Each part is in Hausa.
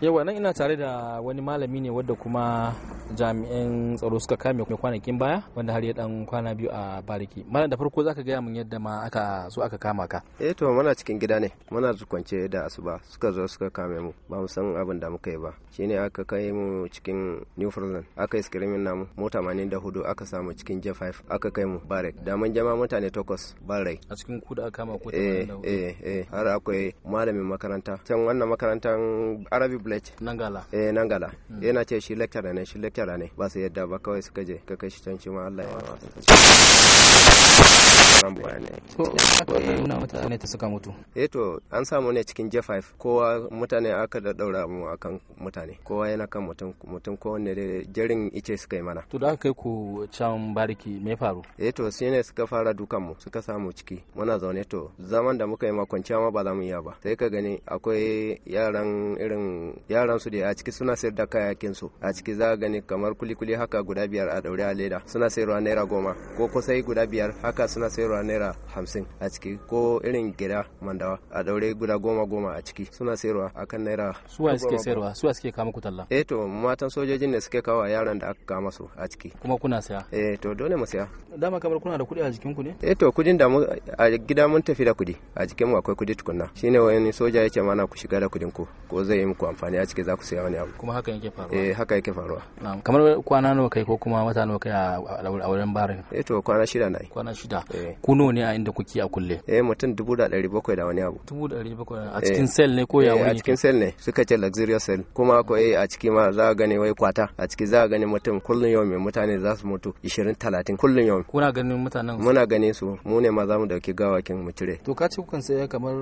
yawa nan ina tare da wani malami ne wadda kuma jami'an tsaro suka kame mai kwanakin baya wanda har ya dan kwana biyu a bariki malam da farko zaka gaya min yadda ma aka so aka kama ka eh to muna cikin gida ne muna kwance da asuba suka zo suka kame mu ba mu san abin da muka yi ba shine aka kai mu cikin new Newfoundland aka yi screening namu mota manin da hudu aka samu cikin J5 aka kai mu barek da mun jama mutane takwas barai a cikin ku da aka kama ko eh eh eh har akwai malamin makaranta can wannan makarantan Arabic plate nangala eh nangala hmm. yana ce shi lecturer ne shi lecturer ne ba su yadda ba kawai suka je ka kai shi can shi ma Allah ya yi karin bayanai ko yi nuna mutane ta suka mutu eh to an samu ne cikin J5 kowa mutane aka da daura mu akan mutane kowa yana kan mutum mutum kowanne da jirin ice suka yi mana to da aka kai ku can bariki me faru eh to sai ne suka fara dukan mu suka samu ciki muna zaune to zaman da muka yi ma kwanciya ma ba za mu iya ba sai ka gani akwai yaran irin yaran su da a ciki suna sayar da kayakin su a ciki za ka gani kamar kulikuli haka guda biyar a daure a leda suna sayarwa naira goma ko kosai guda biyar haka suna sayarwa daura naira hamsin a ciki ko irin gida mandawa a daure guda goma goma a ciki suna sayarwa akan naira suwa suke sayarwa suwa suke kama ku talla eh to matan sojojin ne suke kawo yaran da aka kama su a ciki kuma kuna saya eh to dole mu saya dama kamar kuna da kuɗi a jikin ku ne eh to kudin da mu a gida mun tafi da kuɗi a jikin mu akwai kuɗi tukunna shine wani soja yake mana ku shiga da kuɗin ku ko zai yi muku amfani a ciki za ku saya wani abu kuma haka yake faruwa eh haka yake faruwa na'am kamar kwana nawa kai ko kuma wata nawa kai a wurin barin eh to kwana shida nayi kwana shida eh. ku nawa ne a inda kuke a kulle eh mutum dubu da ɗari bakwai da wani abu dubu da ɗari bakwai a eh. cikin sel ne ko ya wani eh, a cikin sel ne suka ce luxurious sel kuma ko eh a ciki ma za a gani wai kwata a ciki za a gani mutum kullun yau mai mutane za su mutu 20 30 kullun yau kuna ganin mutanen muna ganin su mu ne ma za mu dauki gawakin mu cire to ka ce kukan saya kamar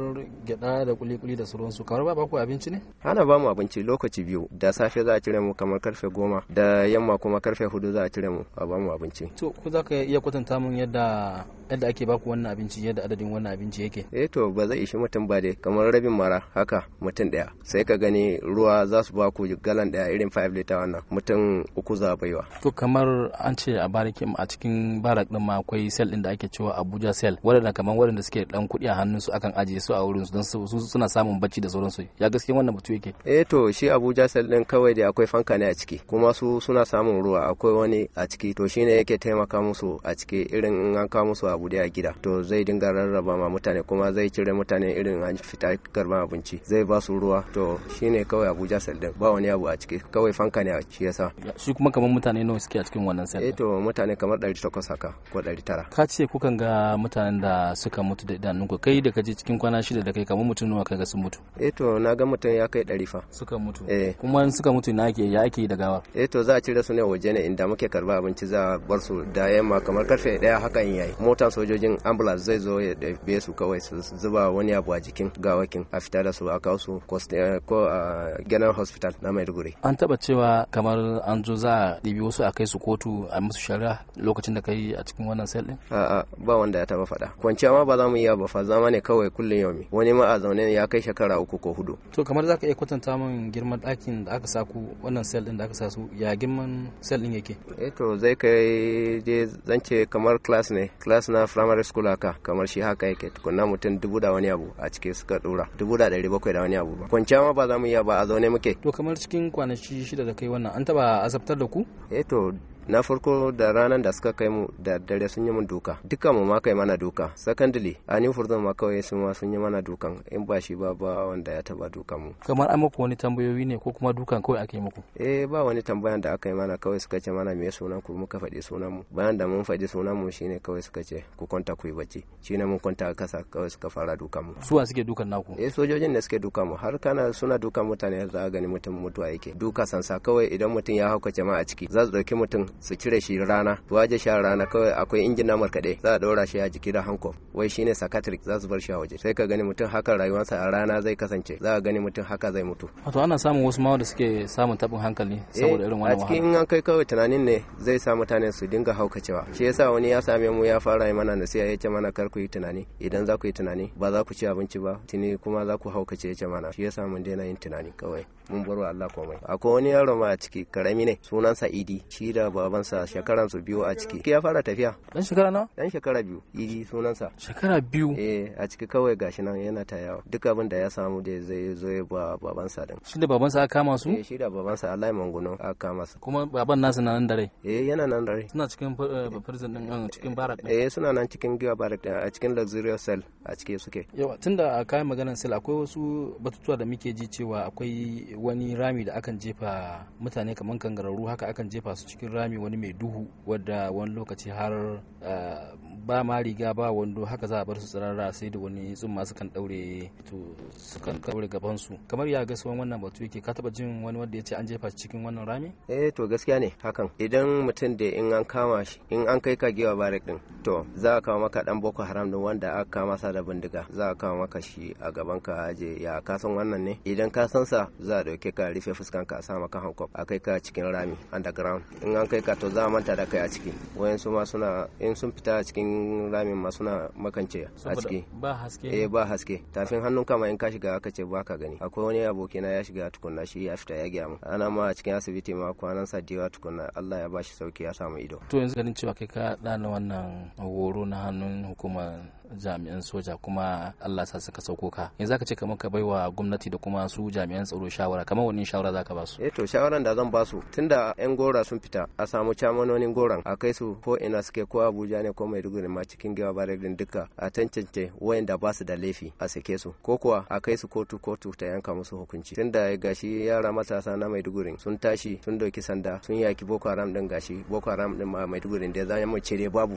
gyada da kuli-kuli da sauransu kamar ba ba ku abinci ne ana ba mu abinci lokaci biyu da safe za a cire mu kamar karfe goma da yamma kuma karfe hudu za a cire mu a ba mu abinci to ku za ka iya kwatanta mun yadda yadda ake baku wannan abinci yadda adadin wannan abinci yake eh to ba zai ishi mutum ba dai kamar rabin mara haka mutum daya sai ka gani ruwa za su baku galan daya irin 5 liter wannan mutum uku za baiwa to kamar an ce a barakin a cikin barak din ma akwai sel din da ake cewa Abuja sel wadanda kamar wadanda suke dan kuɗi a hannun su akan ajiye su a wurin su don su suna samun bacci da sauransu ya gaske wannan mutum yake eh to shi Abuja sel din kawai da akwai fanka ne a ciki kuma su suna samun ruwa akwai wani a ciki to shine yake taimaka musu a ciki irin in an kawo musu Abuja ɗaya gida to zai dinga rarraba ma mutane kuma zai cire mutane irin an fita karban abinci zai ba su ruwa to shine kawai abuja sel din ba wani abu a ciki kawai fanka ne a shi yasa shi kuma kamar mutane nawa suke a cikin wannan sel eh to mutane kamar 800 haka ko 900 ka ce kukan ga mutanen da suka mutu da idanunku kai da kaje cikin kwana shida da kai kamar mutum nawa kaga sun mutu eh to na ga mutum ya kai 100 fa suka mutu eh kuma suka mutu na ake ya ake da gawa eh to za a cire su ne waje ne inda muke karba abinci za a bar su da yamma kamar karfe haka in yayi mota so. sojojin ambulance zai zo ya ɗabe su kawai su zuba wani abu a jikin gawakin a fita da su a kawo su eh, ko a general hospital na maiduguri an taba cewa kamar an zo za a ɗibi wasu a kai su kotu a musu shari'a lokacin da kai a cikin wannan sel ɗin a a ba wanda ya taba faɗa kwanciya ma ba za mu iya ba fa zama ne kawai kullum yau wani ma a zaune ya kai shekara uku ko hudu to kamar za ka iya kwatanta min girman ɗakin da aka sa ku wannan sel ɗin da aka sa su ya girman sel din yake eh to zai kai je zance kamar class ne class na primary school haka kamar shi haka yake tukunna mutum dubu da wani abu a ciki suka dora dubu da ɗari bakwai da wani abu ba kwanciya ma ba za mu iya ba a zaune muke to kamar cikin kwanaki shida da kai wannan an taba azabtar da ku eh to na farko da ranar da suka kai mu da dare sun yi mun duka duka mu ma kai mana duka secondly a new furzon ma kawai sun ma sun yi mana dukan in ba shi ba ba wanda ya taba dukan mu kamar an muku wani tambayoyi ne ko kuma dukan kawai aka yi muku eh ba wani tambayan da aka yi mana kawai suka ce mana me sunan ku muka faɗi sunan mu bayan da mun faɗi sunan mu shine kawai suka ce ku kwanta ku yi bacci shine mun kwanta kasa kawai suka fara dukan mu suwa suke dukan naku eh sojojin ne suke dukan mu har kana suna dukan mutane za a gani mutum mutuwa yake duka sansa kawai idan mutum ya hauka jama'a ciki za su dauki mutum su cire shi rana su waje sha rana kawai akwai injin na markaɗe za a ɗora shi a jiki da hanko wai shine psychiatric za su bar shi a waje sai ka gani mutum haka rayuwarsa a rana zai kasance za a gani mutum haka zai mutu wato ana samun wasu ma da suke samun tabin hankali eh, saboda irin wannan a cikin an kai kawai tunanin ne zai sa mutane su dinga haukacewa shi yasa wani ya same mu ya fara mana nasiha ya ce mana kar ku yi tunani idan za ku yi tunani ba za ku ci abinci ba tuni kuma za ku haukace ya ce mana shi yasa mun daina yin tunani kawai mun bar wa Allah komai akwai wani yaro ma a ciki karami ne sunansa idi shi da ba babansa shekaran su biyu a ciki ya fara tafiya dan shekara nawa dan shekara biyu yi sunansa shekara biyu eh a ciki kawai gashi nan yana tayawa duk abin da ya samu da zai zo ya ba babansa din shi da babansa aka kama su eh shi da babansa Allah manguno aka kama su kuma baban nasu nan dare eh yana nan dare suna cikin eh, prison din eh, cikin barak din eh suna nan cikin giwa barak din a cikin luxurious cell a cike suke yawa tunda kayan maganar cell akwai wasu batutuwa da muke ji cewa akwai wani rami da akan jefa mutane kaman kangararru haka akan jefa su cikin rami rami wani mai duhu wadda wani lokaci har eh, ba ma riga ba wando haka za a bar su tsirarra sai da wani tsumma kan daure to kan daure gaban su kamar ya gaso wannan batu yake ka taba jin wani wanda ya ce an jefa cikin wannan rami eh to gaskiya ne hakan idan mutum da in an kama shi in an kai ka gewa barik din to za a kawo maka dan boko haram din wanda aka kama masa da bindiga za a kawo maka shi a gaban ka aje ya ka san wannan ne idan ka san sa za a dauke ka rufe fuskan ka a sa maka hankop a kai ka cikin rami underground in an kai ka to za a manta da kai a ciki wayan su ma suna in sun fita a cikin ramin ma suna makance a ciki ba haske eh ba haske tafin hannun kama in ka shiga aka ce ba ka gani akwai wani na ya shiga tukunna shi ya fita ya gaya mu ana ma a cikin asibiti ma kwanan sa diwa tukunna Allah ya ba shi sauki ya samu ido to yanzu ganin cewa kai ka dana wannan horo na hannun hukumar jami'an soja kuma Allah sa suka sauko ka yanzu zaka ce kamar ka baiwa gwamnati da kuma su jami'an tsaro shawara kamar wani shawara zaka ba su eh to shawaran da zan ba su tunda yan gora sun fita a samu camanonin goran a kai su ko ina suke ko Abuja ne ko Maiduguri ma cikin bare din duka a tantance wayanda ba su da laifi a sake su ko kuwa a kai su kotu kotu ta yanka musu hukunci tunda gashi yara matasa na Maiduguri sun tashi sun doki sanda sun yaki Boko Haram din gashi Boko Haram din ma Maiduguri da za mu cire babu